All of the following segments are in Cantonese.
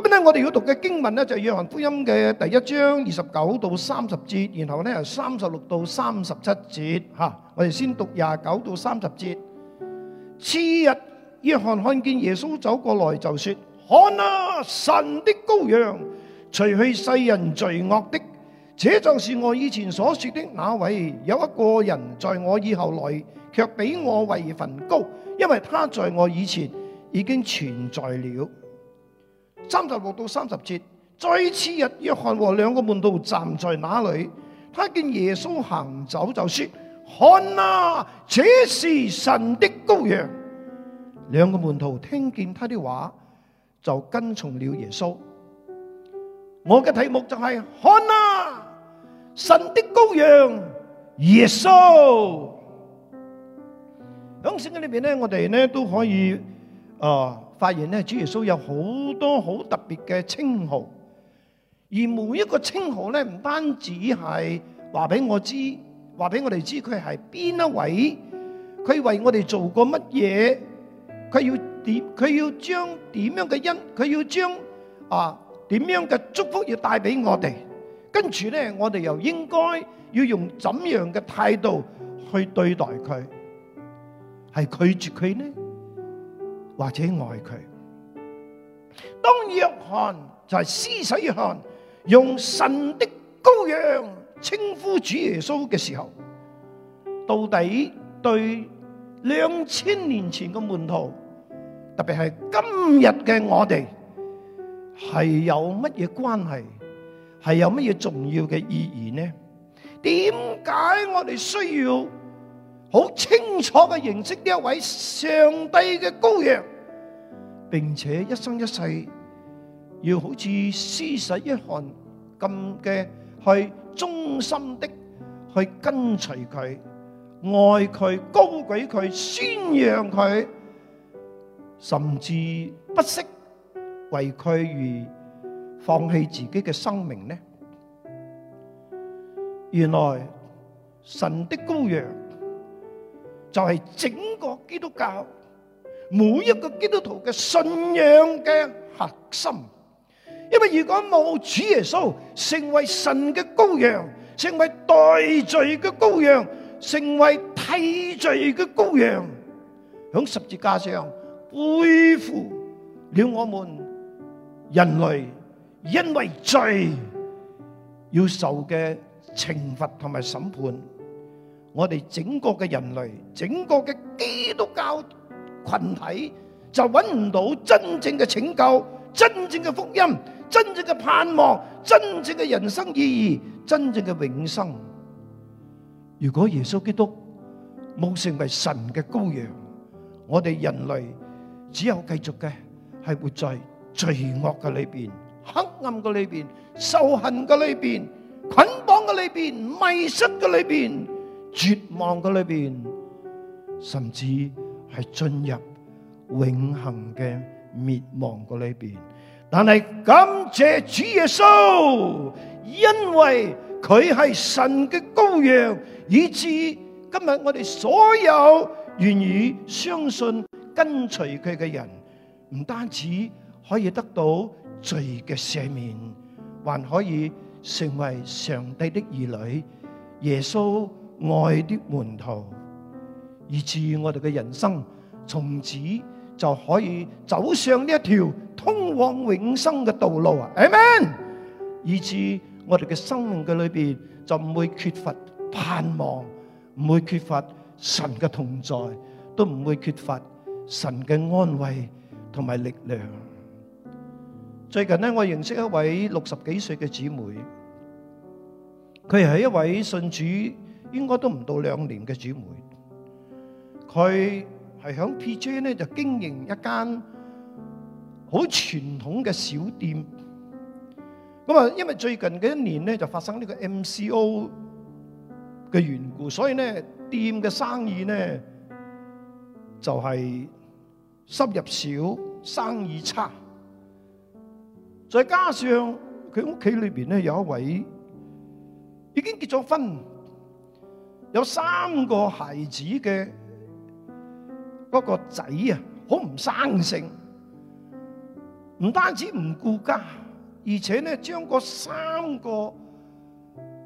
咁咧，我哋要讀嘅經文呢，就係《約翰福音》嘅第一章二十九到三十節，然後咧三十六到三十七節，吓，我哋先讀廿九到三十節。次日，約翰看見耶穌走過來，就說：看啊，神的羔羊，除去世人罪惡的，這就是我以前所說的那位。有一個人在我以後來，卻比我為墳高，因為他在我以前已經存在了。三十六到三十節，再次日，約翰和兩個門徒站在那裡，他見耶穌行走，走，就說：看啊，這是神的羔羊。兩個門徒聽見他的話，就跟從了耶穌。我嘅題目就係看啊，神的羔羊耶穌。喺聖經裏邊咧，我哋咧、就是、都可以啊。呃發現咧，主耶穌有好多好特別嘅稱號，而每一個稱號咧，唔單止係話俾我知，話俾我哋知佢係邊一位，佢為我哋做過乜嘢，佢要點，佢要將點樣嘅恩，佢要將啊點樣嘅祝福要帶俾我哋，跟住咧，我哋又應該要用怎樣嘅態度去對待佢，係拒絕佢呢？或者愛佢，當約翰就係施洗約翰用神的羔羊稱呼主耶穌嘅時候，到底對兩千年前嘅門徒，特別係今日嘅我哋，係有乜嘢關係？係有乜嘢重要嘅意義呢？點解我哋需要好清楚嘅認識呢一位上帝嘅羔羊？並且一生一世要好似矢誓一樣咁嘅去忠心的去跟隨佢，愛佢，高舉佢，宣揚佢，甚至不惜為佢而放棄自己嘅生命呢？原來神的羔羊就係整個基督教。每一個基督徒嘅信仰嘅核心，因為如果冇主耶穌成為神嘅羔羊，成為代罪嘅羔羊，成為替罪嘅羔羊，響十字架上背負了我們人類因為罪要受嘅懲罰同埋審判，我哋整個嘅人類，整個嘅基督教。群體就揾唔到真正嘅拯救、真正嘅福音、真正嘅盼望、真正嘅人生意義、真正嘅永生。如果耶穌基督冇成為神嘅羔羊，我哋人類只有繼續嘅係活在罪惡嘅裏邊、黑暗嘅裏邊、仇恨嘅裏邊、捆綁嘅裏邊、迷失嘅裏邊、絕望嘅裏邊，甚至。係進入永恒嘅滅亡嗰裏邊，但係感謝主耶穌，因為佢係神嘅羔羊，以至今日我哋所有願意相信跟隨佢嘅人，唔單止可以得到罪嘅赦免，還可以成為上帝的兒女，耶穌愛的門徒。以至我哋嘅人生從此就可以走上呢一條通往永生嘅道路啊！Amen。以至我哋嘅生命嘅裏邊就唔會缺乏盼望，唔會缺乏神嘅同在，都唔會缺乏神嘅安慰同埋力量。最近呢，我認識一位六十幾歲嘅姊妹，佢係一位信主應該都唔到兩年嘅姊妹。佢係喺 P.J. 呢，就經營一間好傳統嘅小店。咁啊，因為最近嘅一年咧就發生呢個 M.C.O. 嘅緣故，所以咧店嘅生意咧就係收入少，生意差。再加上佢屋企裏邊咧有一位已經結咗婚，有三個孩子嘅。嗰個仔啊，好唔生性，唔單止唔顧家，而且咧將嗰三個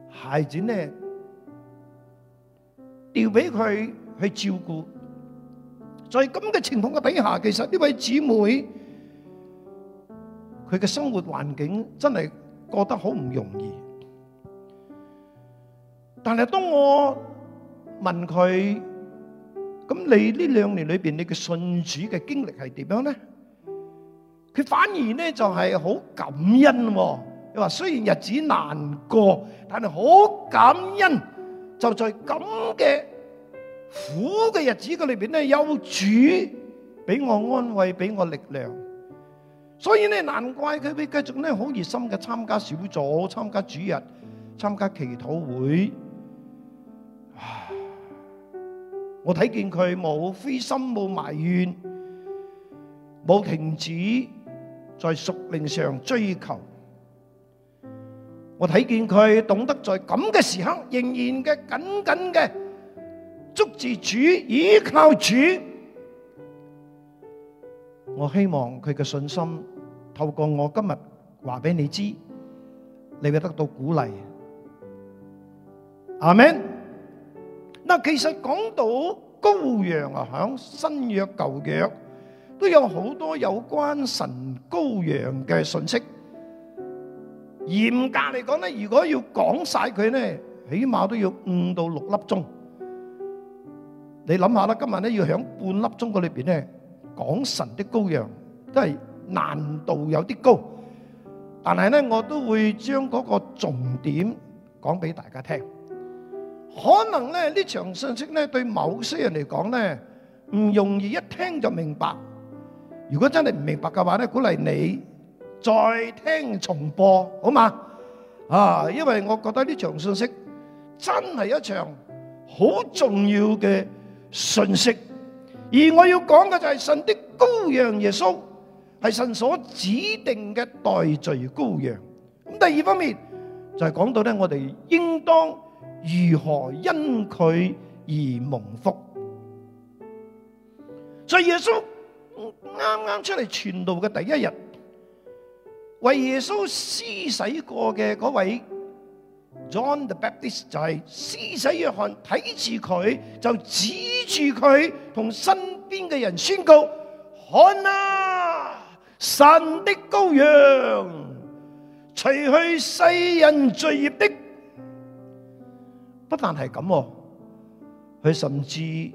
孩子咧調俾佢去照顧。在咁嘅情況嘅底下，其實呢位姊妹佢嘅生活環境真係過得好唔容易。但係當我問佢，咁你呢兩年裏邊，你嘅信主嘅經歷係點樣呢？佢反而呢就係好感恩，你話雖然日子難過，但係好感恩，就在咁嘅苦嘅日子嘅裏邊呢，有主俾我安慰，俾我力量。所以呢，難怪佢會繼續呢好熱心嘅參加小組，參加主日，參加祈禱會。我睇見佢冇灰心，冇埋怨，冇停止在屬靈上追求。我睇見佢懂得在咁嘅時刻，仍然嘅緊緊嘅捉住主，依靠主。我希望佢嘅信心透過我今日話俾你知，你會得到鼓勵。阿門。嗱，其實講到羔羊啊，響新約舊約都有好多有關神羔羊嘅信息。嚴格嚟講咧，如果要講晒佢咧，起碼都要五到六粒鐘。你諗下啦，今日咧要喺半粒鐘嘅裏邊咧講神的羔羊，都係難度有啲高。但係咧，我都會將嗰個重點講俾大家聽。可能咧呢場信息咧對某些人嚟講咧唔容易一聽就明白。如果真係唔明白嘅話咧，鼓勵你再聽重播，好嘛？啊，因為我覺得呢場信息真係一場好重要嘅信息。而我要講嘅就係神的羔羊耶穌係神所指定嘅代罪羔羊。咁第二方面就係講到咧，我哋應當。如何因佢而蒙福？所以耶穌啱啱出嚟傳道嘅第一日，為耶穌施洗過嘅位 John the Baptist 就係施洗約翰，睇住佢就指住佢，同身邊嘅人宣告：「看啊，神的羔羊，除去世人罪孽的。不但係咁，佢甚至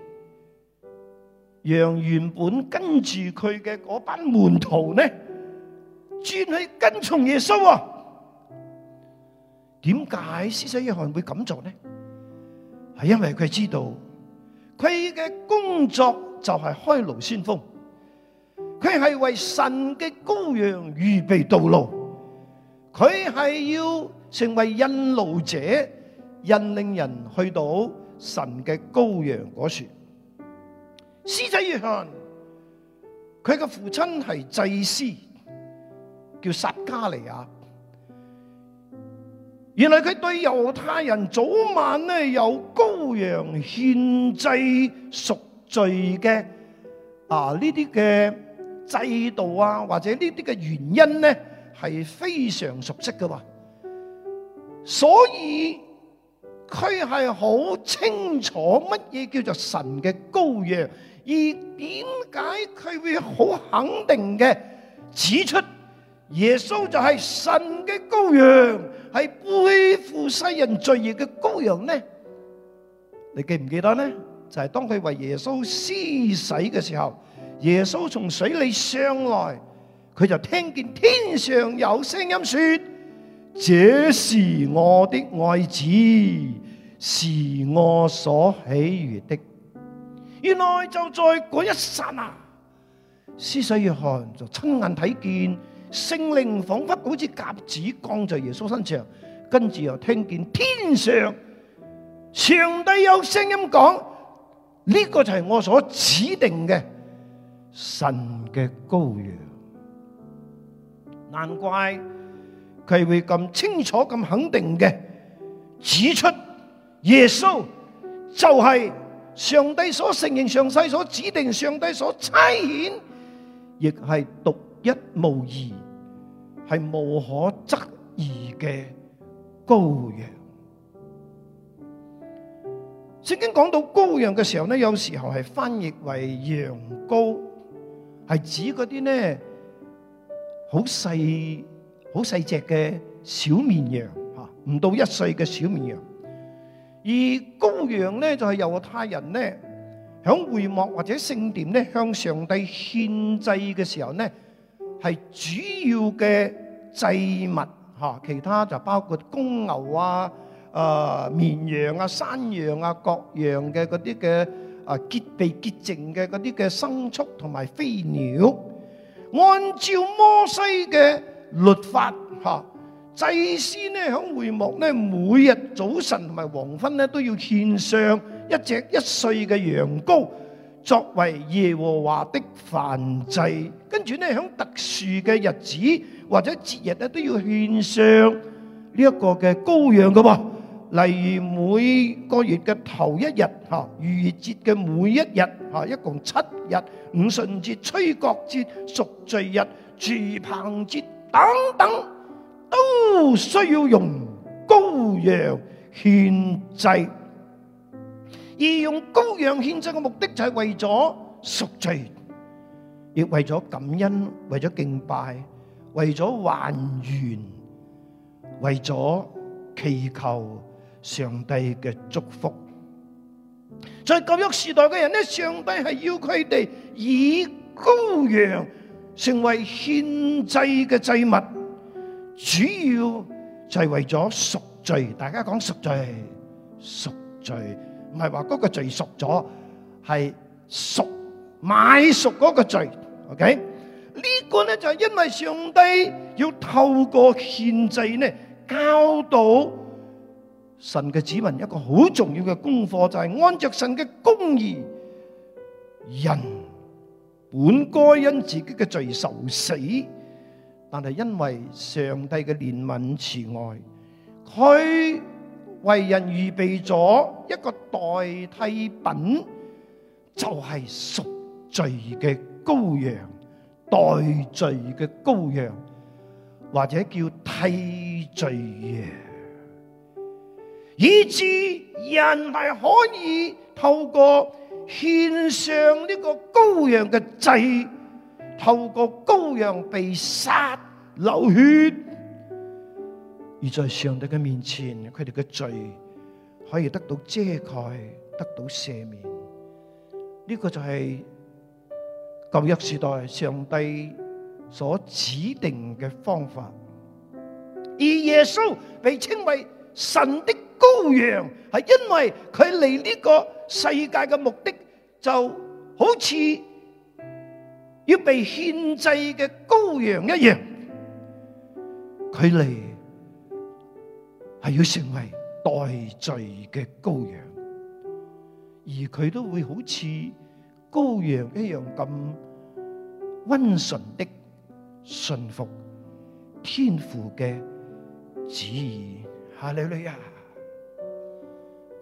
讓原本跟住佢嘅嗰班門徒呢，轉去跟從耶穌。點解施洗約翰會咁做呢？係因為佢知道佢嘅工作就係開路先鋒，佢係為神嘅羔羊預備道路，佢係要成為引路者。引領人去到神嘅羔羊嗰處。施洗約翰，佢嘅父親係祭司，叫撒加利亞。原來佢對猶太人早晚咧有羔羊獻祭贖罪嘅啊呢啲嘅制度啊，或者呢啲嘅原因咧係非常熟悉噶嘛，所以。佢係好清楚乜嘢叫做神嘅羔羊，而點解佢會好肯定嘅指出耶穌就係神嘅羔羊，係背負世人罪孽嘅羔羊呢？你記唔記得呢？就係當佢為耶穌施洗嘅時候，耶穌從水裏上來，佢就聽見天上有聲音說。這是我的愛子，是我所喜悅的。原來就在嗰一剎那、啊，施洗約翰就親眼睇見聖靈仿佛好似鴿子降在耶穌身上，跟住又聽見天上上帝有聲音講：呢、這個就係我所指定嘅神嘅羔羊。難怪。佢會咁清楚、咁肯定嘅指出，耶穌就係上帝所承認、上帝所指定、上帝所差遣，亦係獨一無二、係無可質疑嘅羔羊。聖經講到羔羊嘅時候咧，有時候係翻譯為羊羔，係指嗰啲咧好細。好細隻嘅小綿羊嚇，唔到一歲嘅小綿羊。而羔羊咧就係、是、猶太人咧，響會幕或者聖殿咧向上帝獻祭嘅時候咧，係主要嘅祭物嚇。其他就包括公牛啊、誒、呃、綿羊啊、山羊啊，各樣嘅嗰啲嘅誒潔地潔淨嘅嗰啲嘅牲畜同埋飛鳥，按照摩西嘅。律法嚇祭司咧響會幕咧，每日早晨同埋黃昏咧都要獻上一隻一歲嘅羊羔，作為耶和華的燔祭。跟住咧響特殊嘅日子或者節日咧都要獻上呢一個嘅羔羊㗎喎。例如每個月嘅頭一日嚇，逾越節嘅每一日嚇，一共七日，五旬節、吹角節、贖罪日、住棚節。等等都需要用羔羊獻祭，而用羔羊獻祭嘅目的就係為咗贖罪，亦為咗感恩，為咗敬拜，為咗還願，為咗祈求上帝嘅祝福。在舊約時代嘅人呢，上帝係要佢哋以羔羊。成為獻祭嘅祭物，主要就係為咗贖罪。大家講贖罪贖罪，唔係話嗰個罪贖咗，係贖買贖嗰個罪。OK，呢個咧就係因為上帝要透過獻祭咧教導神嘅子民一個好重要嘅功課，就係按着神嘅公義人，本該因自己嘅罪受死，但係因為上帝嘅憐憫慈愛，佢為人預備咗一個代替品，就係贖罪嘅羔羊，代罪嘅羔羊，或者叫替罪羊，以致人係可以透過。獻上呢個羔羊嘅祭，透過羔羊被殺流血，而在上帝嘅面前，佢哋嘅罪可以得到遮蓋，得到赦免。呢、這個就係舊約時代上帝所指定嘅方法，而耶穌被稱為神的。羔羊係因為佢嚟呢個世界嘅目的，就好似要被獻祭嘅羔羊一樣，佢嚟係要成為代罪嘅羔羊，而佢都會好似羔羊一樣咁溫順的順服天父嘅旨意。吓，女女啊！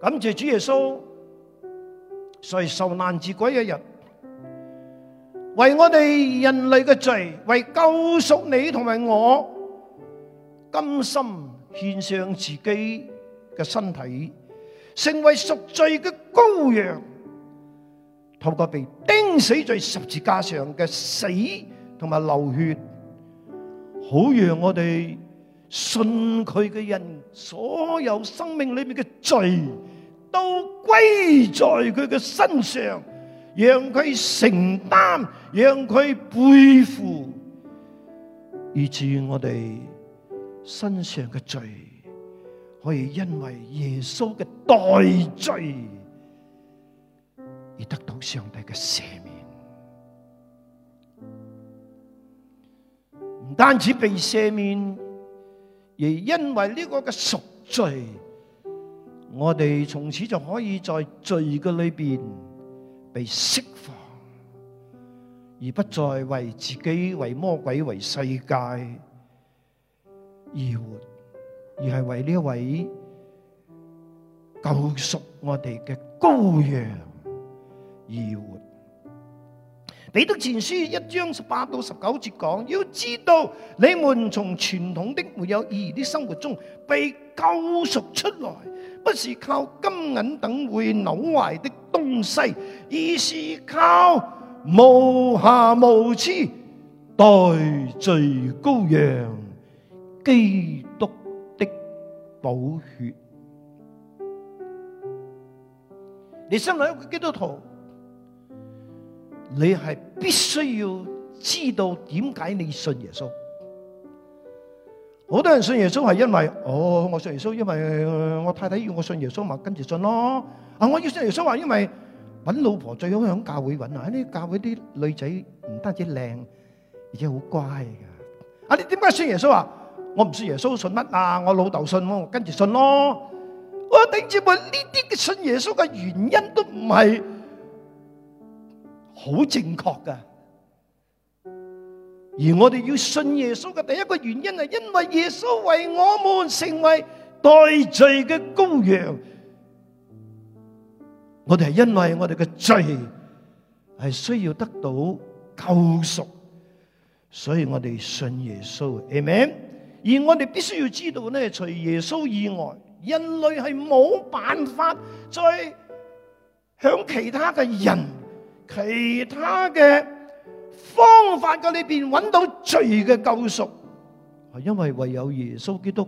感謝主耶穌，所以受難自鬼嘅人，為我哋人類嘅罪，為救贖你同埋我，甘心獻上自己嘅身體，成為贖罪嘅羔羊，透過被釘死在十字架上嘅死同埋流血，好讓我哋信佢嘅人所有生命裏面嘅罪。都歸在佢嘅身上，讓佢承擔，讓佢背負，以至於我哋身上嘅罪，可以因為耶穌嘅代罪而得到上帝嘅赦免。唔單止被赦免，而因為呢個嘅贖罪。我哋從此就可以在罪嘅裏邊被釋放，而不再為自己、為魔鬼、為世界而活，而係為呢一位救贖我哋嘅羔羊而活。彼得前書一章十八到十九節講，要知道你們從傳統的沒有意義的生活中被救贖出來。不是靠金銀等會朽壞的東西，而是靠無瑕無疵代罪羔羊基督的寶血。你身為一個基督徒，你係必須要知道點解你信耶穌。好多人信耶穌係因為哦，我信耶穌，因為、呃、我太太要我信耶穌，咪跟住信咯。啊，我要信耶穌話，因為搵老婆最好響教會搵啊！呢教會啲女仔唔單止靚，而且好乖噶。啊，你點解信耶穌啊？我唔信耶穌信，信乜啊？我老豆信我跟住信咯。我頂住，問呢啲信耶穌嘅原因都唔係好正確噶。而我哋要信耶穌嘅第一個原因係因為耶穌為我們成為代罪嘅羔羊，我哋係因為我哋嘅罪係需要得到救贖，所以我哋信耶穌，係咪？而我哋必須要知道呢，除耶穌以外，人類係冇辦法再響其他嘅人、其他嘅。方法嘅裏邊揾到罪嘅救贖，係因為唯有耶穌基督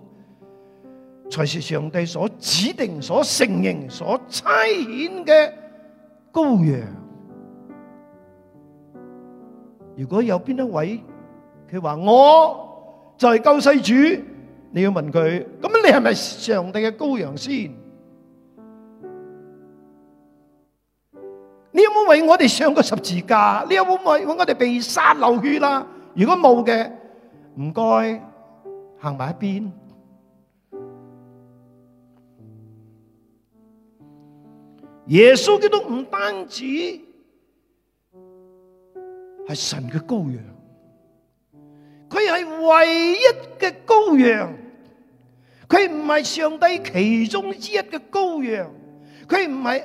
才是上帝所指定、所承認、所差遣嘅羔羊。如果有邊一位佢話我就係救世主，你要問佢咁，你係咪上帝嘅羔羊先？你有冇為我哋上過十字架？你有冇為我哋被殺流血啦？如果冇嘅，唔該行埋一邊。耶穌佢都唔單止係神嘅羔羊，佢係唯一嘅羔羊，佢唔係上帝其中之一嘅羔羊，佢唔係。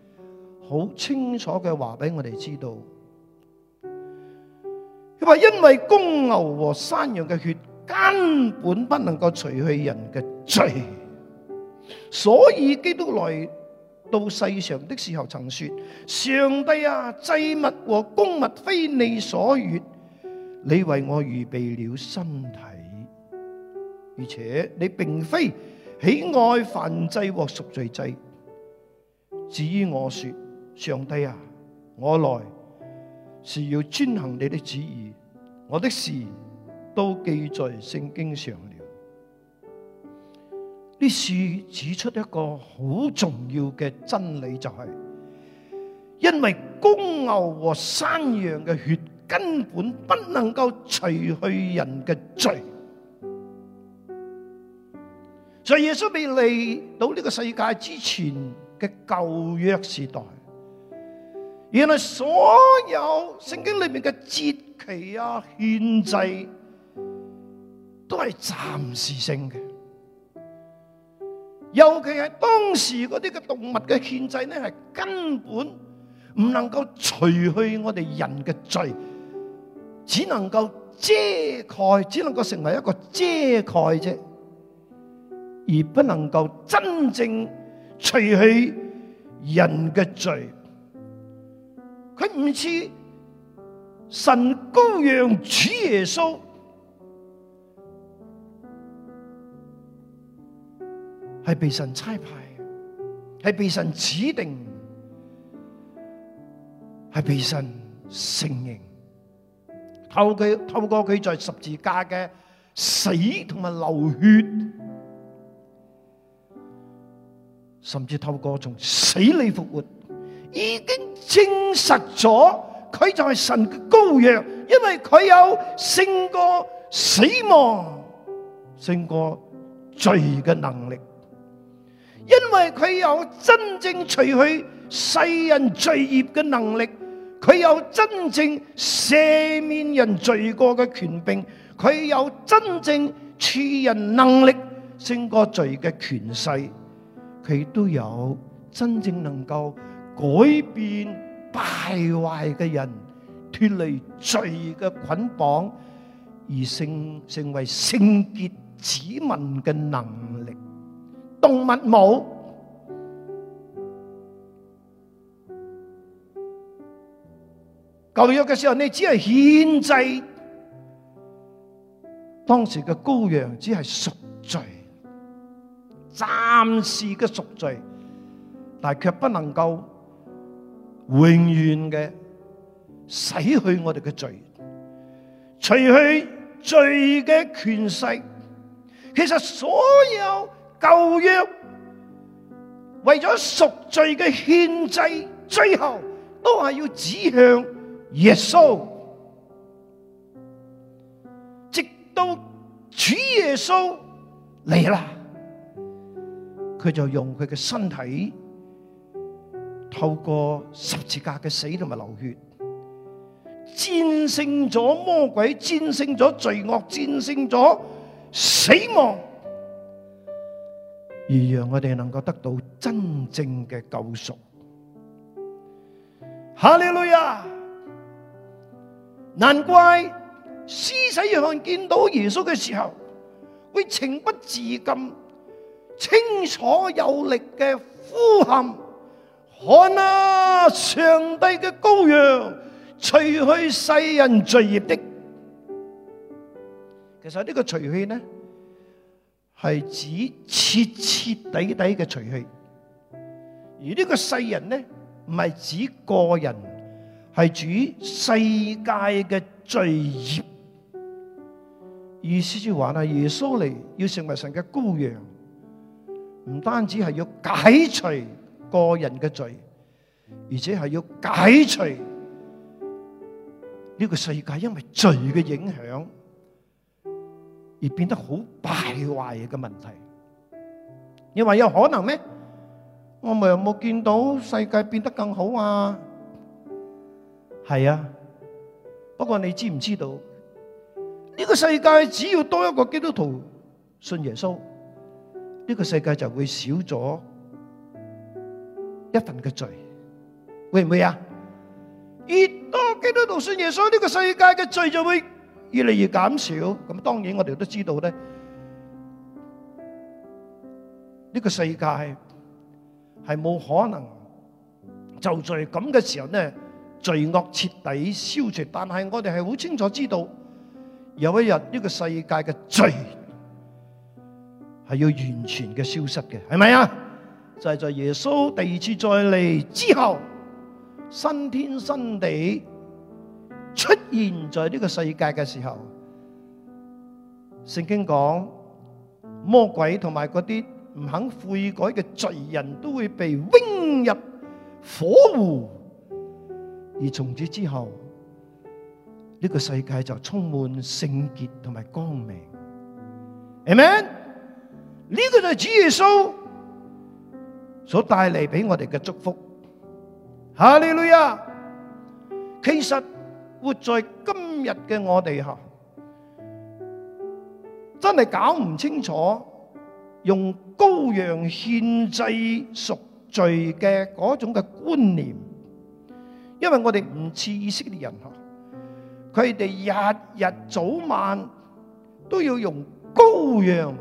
好清楚嘅話俾我哋知道，佢話因為公牛和山羊嘅血根本不能夠除去人嘅罪，所以基督來到世上的時候曾說：上帝啊，祭物和公物非你所願，你為我預備了身體，而且你並非喜愛燔祭和贖罪祭。至於我說。上帝啊，我來是要遵行你的旨意，我的事都記在聖經上了。呢事指出一個好重要嘅真理，就係因為公牛和山羊嘅血根本不能夠除去人嘅罪，所以耶穌未嚟到呢個世界之前嘅舊約時代。原來所有聖經裏面嘅節期啊、獻祭，都係暫時性嘅。尤其係當時嗰啲嘅動物嘅獻祭呢，係根本唔能夠除去我哋人嘅罪，只能夠遮蓋，只能夠成為一個遮蓋啫，而不能夠真正除去人嘅罪。佢唔似神羔羊，主耶穌係被神差派，係被神指定，係被神承認。透過透過佢在十字架嘅死同埋流血，甚至透過從死裏復活。已經證實咗佢就係神嘅羔羊，因為佢有勝過死亡、勝過罪嘅能力。因為佢有真正除去世人罪孽嘅能力，佢有真正赦免人罪過嘅權柄，佢有真正處人能力勝過罪嘅權勢，佢都有真正能夠，改變敗壞嘅人脫離罪嘅捆綁而成成為聖潔子民嘅能力，動物冇舊約嘅時候，你只係限制當時嘅羔羊，只係贖罪，暫時嘅贖罪，但係卻不能夠。永遠嘅洗去我哋嘅罪，除去罪嘅權勢。其實所有舊約為咗贖罪嘅獻祭，最後都係要指向耶穌，直到主耶穌嚟啦，佢就用佢嘅身體。透過十字架嘅死同埋流血，戰勝咗魔鬼，戰勝咗罪惡，戰勝咗死亡，而讓我哋能夠得到真正嘅救贖。哈利路亞！難怪施洗約翰見到耶穌嘅時候，會情不自禁、清楚有力嘅呼喊。看啊！上帝嘅羔羊除去世人罪孽的。其實這個呢個除去呢係指徹徹底底嘅除去，而呢個世人呢唔係指個人，係指世界嘅罪孽。意思就話啊，耶穌嚟要成為神嘅羔羊，唔單止係要解除。個人嘅罪，而且係要解除呢個世界因為罪嘅影響而變得好敗壞嘅問題。你話有可能咩？我咪有冇見到世界變得更好啊？係啊，不過你知唔知道呢個世界只要多一個基督徒信耶穌，呢個世界就會少咗。一份嘅罪，會唔會啊？越多基督徒宣耶穌，呢個世界嘅罪就會越嚟越減少。咁當然我哋都知道咧，呢個世界係冇可能就在咁嘅時候咧，罪惡徹底消除。但係我哋係好清楚知道，有一日呢個世界嘅罪係要完全嘅消失嘅，係咪啊？就係在耶穌第二次再嚟之後，新天新地出現在呢個世界嘅時候，聖經講魔鬼同埋嗰啲唔肯悔改嘅罪人都會被扔入火湖，而從此之後呢個世界就充滿聖潔同埋光明。Amen。呢個就係主耶穌。所帶嚟俾我哋嘅祝福，哈利路亞！其實活在今日嘅我哋吓，真係搞唔清楚用羔羊獻祭贖罪嘅嗰種嘅觀念，因為我哋唔似以色列人吓，佢哋日日早晚都要用羔羊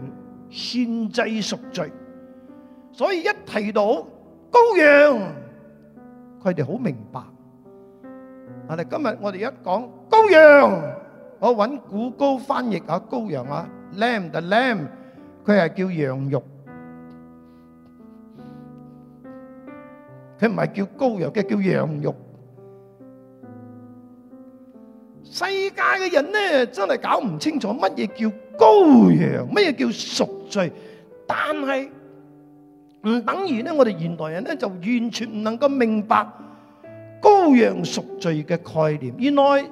獻祭贖罪。所以一提到羔羊，佢哋好明白。我哋今日我哋一講羔羊，我揾古高翻譯下羔羊啊，lamb the lamb，佢係叫羊肉，佢唔係叫羔羊，佢係叫羊肉。世界嘅人咧，真係搞唔清楚乜嘢叫羔羊，乜嘢叫贖罪，但係，唔等於咧，我哋現代人咧就完全唔能夠明白羔羊贖罪嘅概念。原來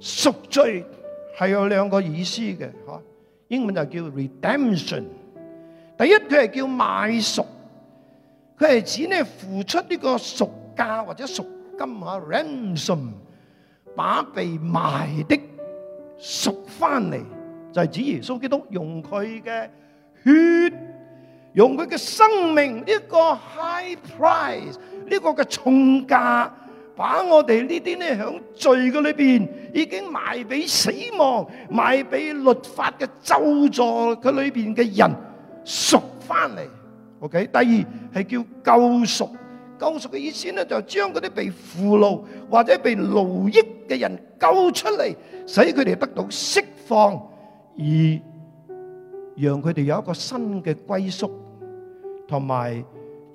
贖罪係有兩個意思嘅，嚇，英文就叫 Redemption。第一，佢係叫買贖，佢係指咧付出呢個贖價或者贖金啊，ransom，把被賣的贖翻嚟，就係、是、指耶穌基督用佢嘅血。用佢嘅生命呢個 high price 呢個嘅重價，把我哋呢啲咧喺罪嘅裏邊已經賣俾死亡、賣俾律法嘅咒詛嘅裏邊嘅人贖翻嚟。OK，第二係叫救贖。救贖嘅意思咧就將嗰啲被俘虜或者被奴役嘅人救出嚟，使佢哋得到釋放，而讓佢哋有一個新嘅歸宿，同埋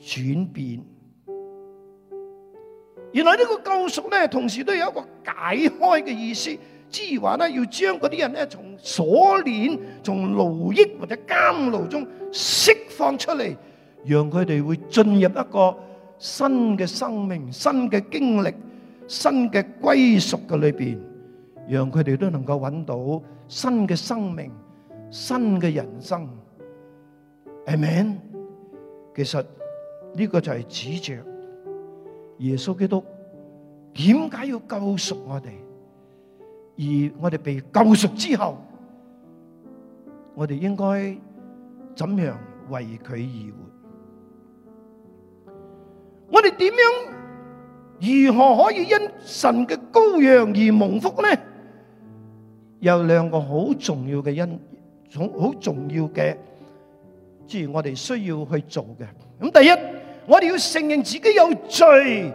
轉變，原來呢個救贖咧，同時都有一個解開嘅意思，即係話咧，要將嗰啲人咧從鎖鏈、從勞役或者監牢中釋放出嚟，讓佢哋會進入一個新嘅生命、新嘅經歷、新嘅歸屬嘅裏邊，讓佢哋都能夠揾到新嘅生命、新嘅人生。Amen。其實呢、這個就係指着耶穌基督，點解要救贖我哋？而我哋被救贖之後，我哋應該怎樣為佢而活？我哋點樣如何可以因神嘅羔羊而蒙福呢？有兩個好重要嘅因，好好重要嘅。至於我哋需要去做嘅，咁第一，我哋要承認自己有罪，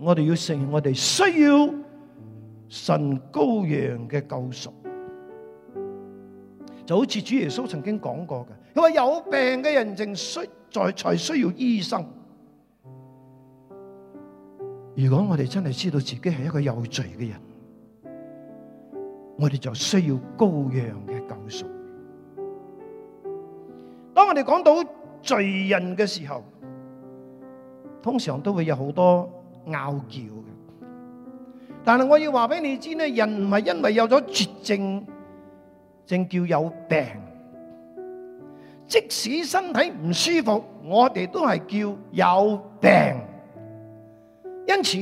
我哋要承認我哋需要神羔羊嘅救贖，就好似主耶穌曾經講過嘅，佢話有病嘅人正需在才需要醫生。如果我哋真係知道自己係一個有罪嘅人，我哋就需要羔羊嘅救贖。當我哋講到罪人嘅時候，通常都會有好多拗撬嘅。但係我要話俾你知咧，人唔係因為有咗絕症，正叫有病。即使身體唔舒服，我哋都係叫有病。因此，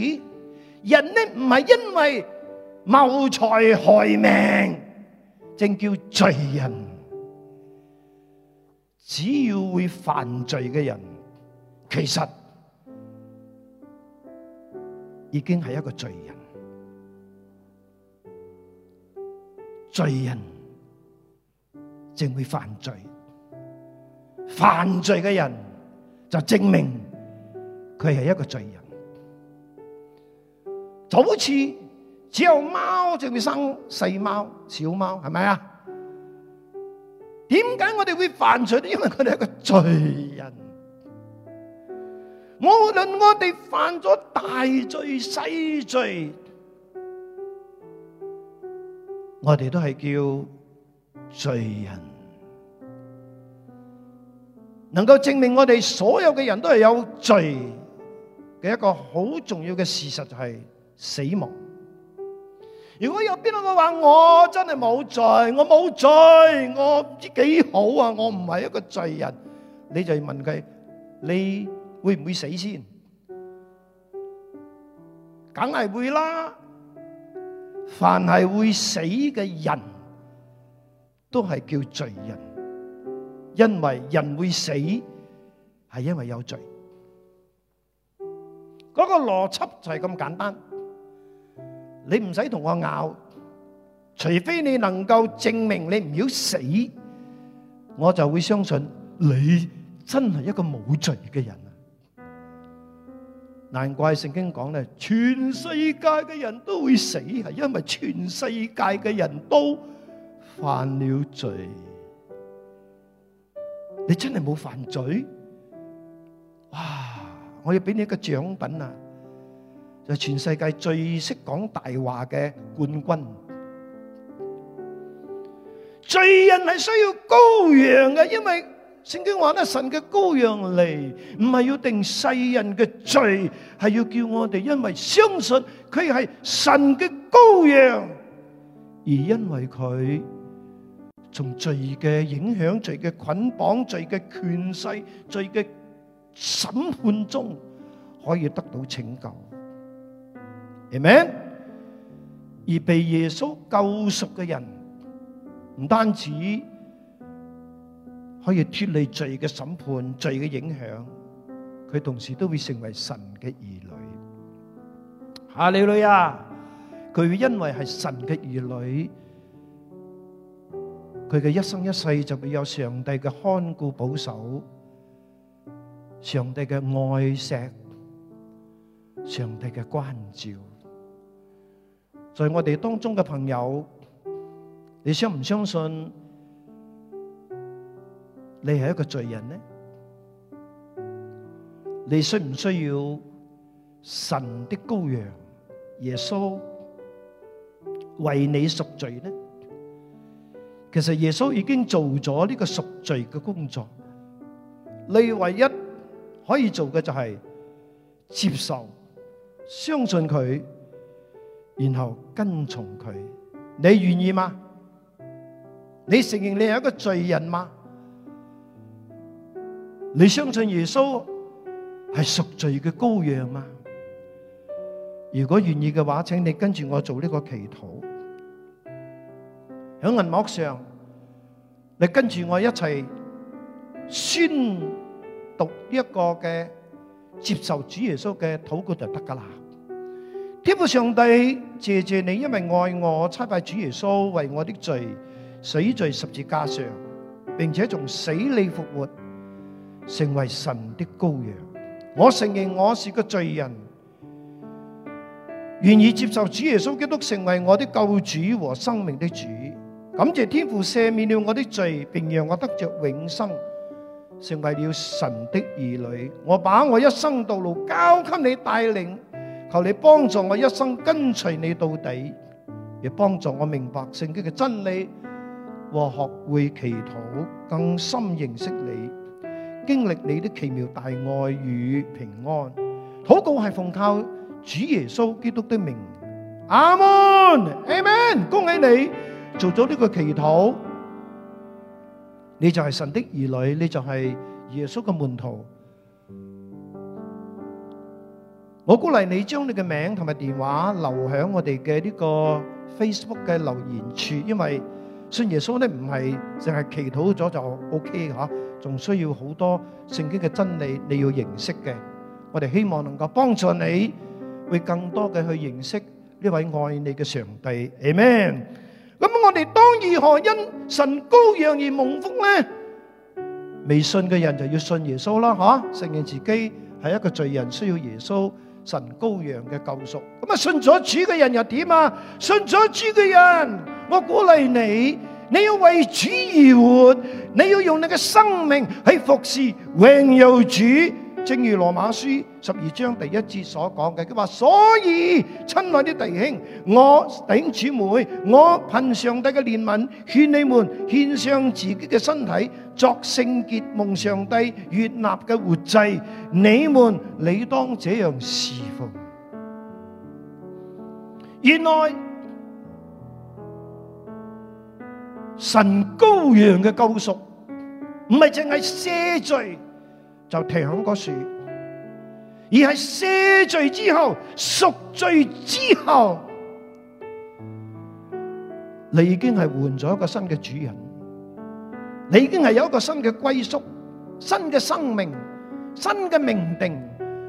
人呢唔係因為謀財害命，正叫罪人。只要會犯罪嘅人，其實已經係一個罪人。罪人正會犯罪，犯罪嘅人就證明佢係一個罪人。就好似只有貓就會生細貓、小貓，係咪啊？點解我哋會犯罪？因為佢哋係個罪人。無論我哋犯咗大罪、細罪，我哋都係叫罪人。能夠證明我哋所有嘅人都係有罪嘅一個好重要嘅事實就係死亡。如果有邊個話我真係冇罪，我冇罪，我唔知幾好啊，我唔係一個罪人。你就問佢，你會唔會死先？梗係會啦。凡係會死嘅人，都係叫罪人，因為人會死係因為有罪，嗰個邏輯就係咁簡單。你唔使同我拗，除非你能夠證明你唔要死，我就會相信你真係一個冇罪嘅人啊！難怪聖經講咧，全世界嘅人都會死，係因為全世界嘅人都犯了罪。你真係冇犯罪，哇！我要俾你一個獎品啊！就是、全世界最識講大話嘅冠軍，罪人係需要羔羊嘅，因為聖經話咧，神嘅羔羊嚟，唔係要定世人嘅罪，係要叫我哋因為相信佢係神嘅羔羊，而因為佢從罪嘅影響、罪嘅捆綁、罪嘅權勢、罪嘅審判中，可以得到拯救。阿門！而被耶穌救贖嘅人，唔單止可以脱離罪嘅審判、罪嘅影響，佢同時都會成為神嘅兒女。哈利路亞啊，佢因為係神嘅兒女，佢嘅一生一世就會有上帝嘅看顧、保守，上帝嘅愛錫，上帝嘅關照。在我哋當中嘅朋友，你相唔相信你係一個罪人呢？你需唔需要神的羔羊耶穌為你贖罪呢？其實耶穌已經做咗呢個贖罪嘅工作，你唯一可以做嘅就係接受、相信佢。然後跟從佢，你願意嗎？你承認你係一個罪人嗎？你相信耶穌係贖罪嘅羔羊嗎？如果願意嘅話，請你跟住我做呢個祈禱。響銀幕上，你跟住我一齊宣讀呢一個嘅接受主耶穌嘅禱告就得㗎喇。天父上帝，謝謝你，因為愛我，差派主耶穌為我的罪死在十字架上，並且從死裏復活，成為神的羔羊。我承認我是個罪人，願意接受主耶穌基督成為我的救主和生命的主。感謝天父赦免了我的罪，並讓我得着永生，成為了神的兒女。我把我一生道路交給你帶領。求你幫助我一生跟隨你到底，亦幫助我明白聖經嘅真理和學會祈禱，更深認識你，經歷你的奇妙大愛與平安。禱告係奉靠主耶穌基督的名，阿門，Amen。恭喜你做咗呢個祈禱，你就係神的兒女，你就係耶穌嘅門徒。我鼓勵你將你嘅名同埋電話留喺我哋嘅呢個 Facebook 嘅留言處，因為信耶穌呢唔係淨係祈禱咗就 OK 吓，仲需要好多聖經嘅真理你要認識嘅。我哋希望能夠幫助你，會更多嘅去認識呢位愛你嘅上帝。Amen，咁我哋當如何因神高揚而蒙福呢？未信嘅人就要信耶穌啦，吓承認自己係一個罪人，需要耶穌。神羔羊嘅救贖，咁啊信咗主嘅人又點啊？信咗主嘅人，我鼓勵你，你要為主而活，你要用你嘅生命去服侍榮耀主。正如羅馬書十二章第一節所講嘅，佢話：所以，親愛啲弟兄，我弟兄姊妹，我憑上帝嘅憐憫，勸你們獻上自己嘅身體作聖潔、蒙上帝悅納嘅活祭，你們理當這樣侍奉。原來神羔羊嘅救贖唔係淨係赦罪。.就停響個樹，而係赦罪之後、贖罪之後，你已經係換咗一個新嘅主人，你已經係有一個新嘅歸宿、新嘅生命、新嘅命定、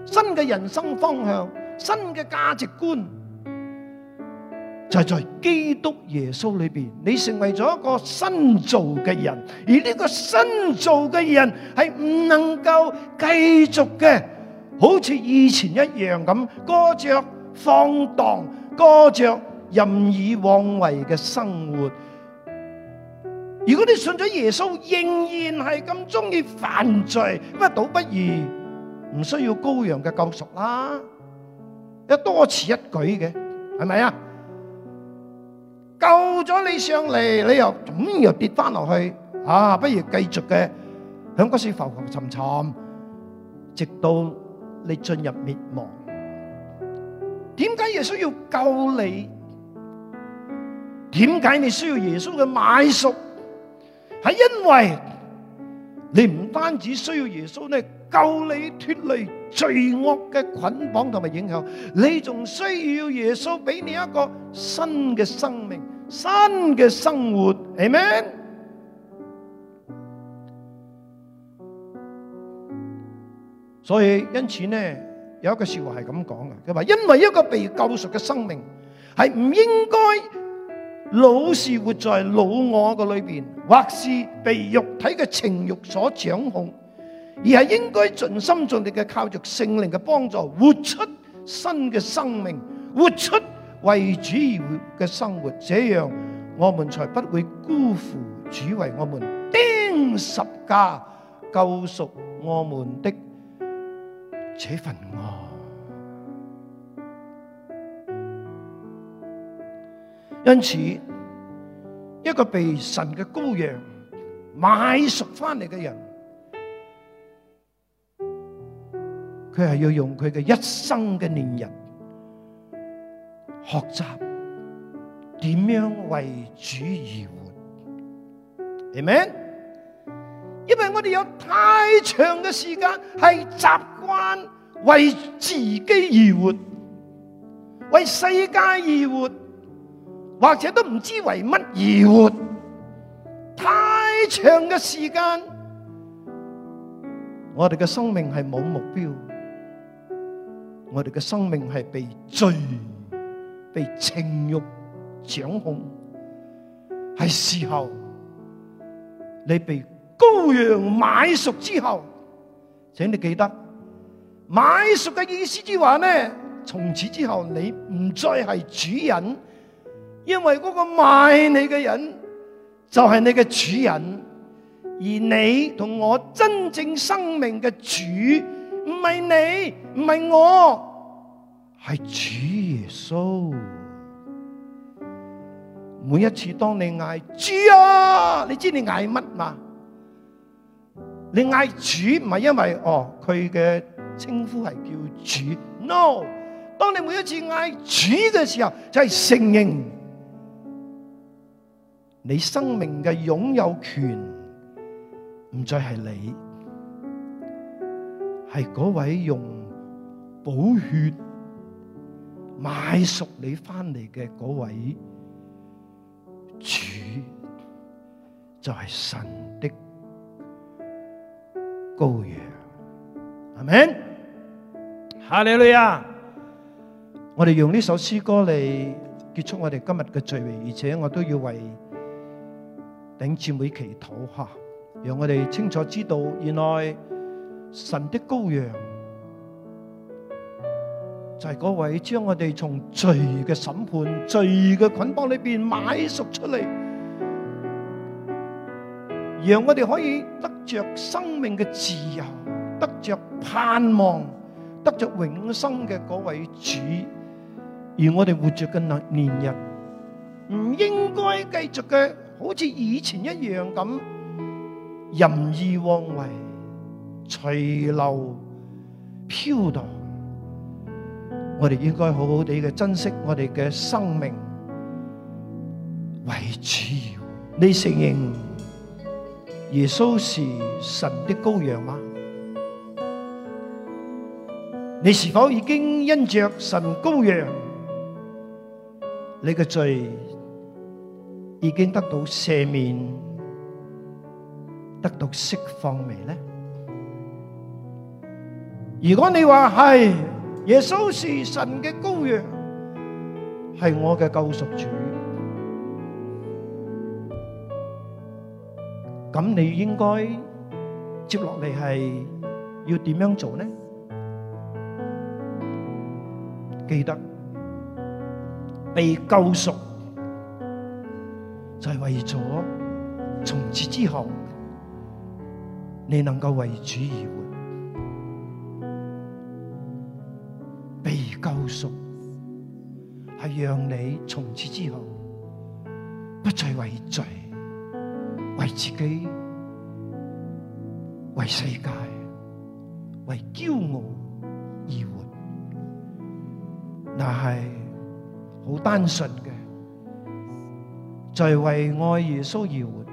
新嘅人生方向、新嘅價值觀。就係在基督耶穌裏邊，你成為咗一個新造嘅人，而呢個新造嘅人係唔能夠繼續嘅，好似以前一樣咁過着放蕩、過着任意妄為嘅生活。如果你信咗耶穌，仍然係咁中意犯罪，咁啊倒不如唔需要羔羊嘅救贖啦，一多此一舉嘅，係咪啊？救咗你上嚟，你又噉又跌翻落去，啊！不如繼續嘅響嗰處浮浮沉沉，直到你進入滅亡。點解耶穌要救你？點解你需要耶穌嘅買贖？係因為你唔單止需要耶穌呢，救你脫離罪惡嘅捆綁同埋影響，你仲需要耶穌俾你一個新嘅生命、新嘅生活，係咩？所以因此呢，有一個說話係咁講嘅，佢話因為一個被救贖嘅生命係唔應該老是活在老我嘅裏邊，或是被肉體嘅情慾所掌控。而係應該盡心盡力嘅，靠着聖靈嘅幫助，活出新嘅生命，活出為主而活嘅生活，這樣我們才不會辜負主為我們釘十架救贖我們的這份愛。因此，一個被神嘅羔羊買贖翻嚟嘅人。佢係要用佢嘅一生嘅年日學習點樣為主而活，係咪？因為我哋有太長嘅時間係習慣為自己而活，為世界而活，或者都唔知為乜而活。太長嘅時間，我哋嘅生命係冇目標。我哋嘅生命係被罪、被情欲掌控，係時候你被羔羊買贖之後，請你記得買贖嘅意思之話呢？從此之後你唔再係主人，因為嗰個買你嘅人就係你嘅主人，而你同我真正生命嘅主。唔係你，唔係我，係主耶穌。每一次當你嗌主啊，你知你嗌乜嘛？你嗌主唔係因為哦佢嘅稱呼係叫主。No，當你每一次嗌主嘅時候，就係承認你生命嘅擁有權唔再係你。係嗰位用補血買贖你翻嚟嘅嗰位主，就係神的羔羊，係咪？哈利路亞！我哋用呢首詩歌嚟結束我哋今日嘅聚會，而且我都要為頂住會祈禱吓，讓我哋清楚知道原來。神的羔羊就係嗰位將我哋從罪嘅審判、罪嘅捆綁裏邊買贖出嚟，讓我哋可以得着生命嘅自由，得着盼望，得着永生嘅嗰位主。而我哋活着嘅年日，唔應該繼續嘅好似以前一樣咁任意妄為。隨流飄蕩，我哋應該好好地嘅珍惜我哋嘅生命為主要。你承認耶穌是神的羔羊嗎？你是否已經因着神羔羊，你嘅罪已經得到赦免、得到釋放未呢？如果你話係耶穌是神嘅羔羊，係我嘅救贖主，咁你應該接落嚟，係要點樣做呢？記得，被救贖就係為咗從此之後，你能夠為主而活。屬係讓你從此之後不再為罪、為自己、為世界、為驕傲而活，那係好單純嘅，在為愛耶穌而活，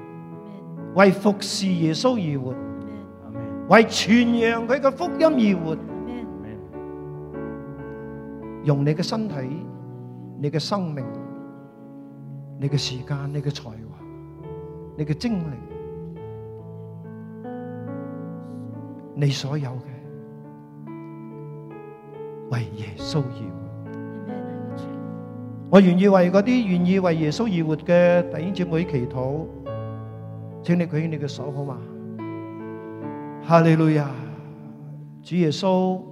為服侍耶穌而活，為傳揚佢嘅福音而活。用你嘅身體、你嘅生命、你嘅時間、你嘅才華、你嘅精靈、你所有嘅為耶穌而活。我願意為嗰啲願意為耶穌而活嘅弟兄姊妹祈禱，請你舉起你嘅手好嗎？哈利路亞，主耶穌。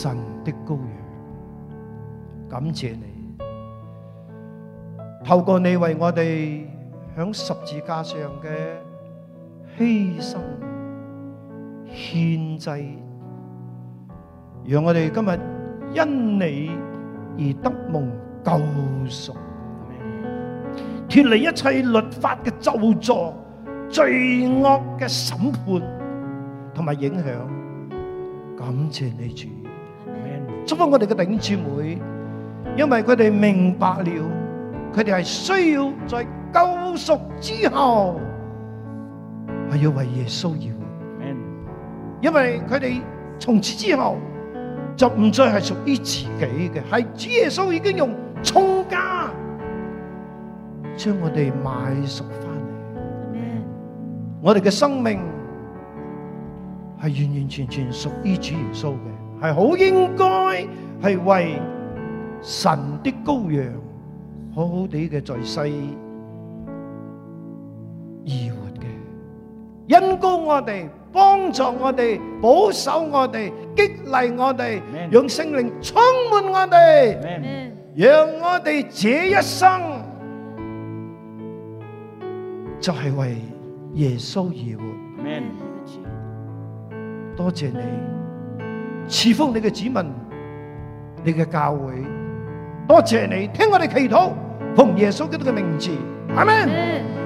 神的羔羊，感謝你透過你為我哋響十字架上嘅犧牲獻祭，讓我哋今日因你而得蒙救贖，脫離一切律法嘅咒詛、罪惡嘅審判同埋影響。感謝你主。祝福我哋嘅弟兄姊妹，因為佢哋明白了，佢哋係需要在救贖之後，係要為耶穌而活，因為佢哋從此之後就唔再係屬於自己嘅，係主耶穌已經用重價將我哋買贖翻嚟，我哋嘅生命係完完全全屬於主耶穌嘅。係好應該係為神的羔羊好好地嘅在世而活嘅，恩膏我哋，幫助我哋，保守我哋，激勵我哋，讓聖靈充滿我哋，讓我哋這一生就係為耶穌而活。多謝你。賜福你嘅子民，你嘅教會，多謝你聽我哋祈禱，奉耶穌基督嘅名字，阿門。嗯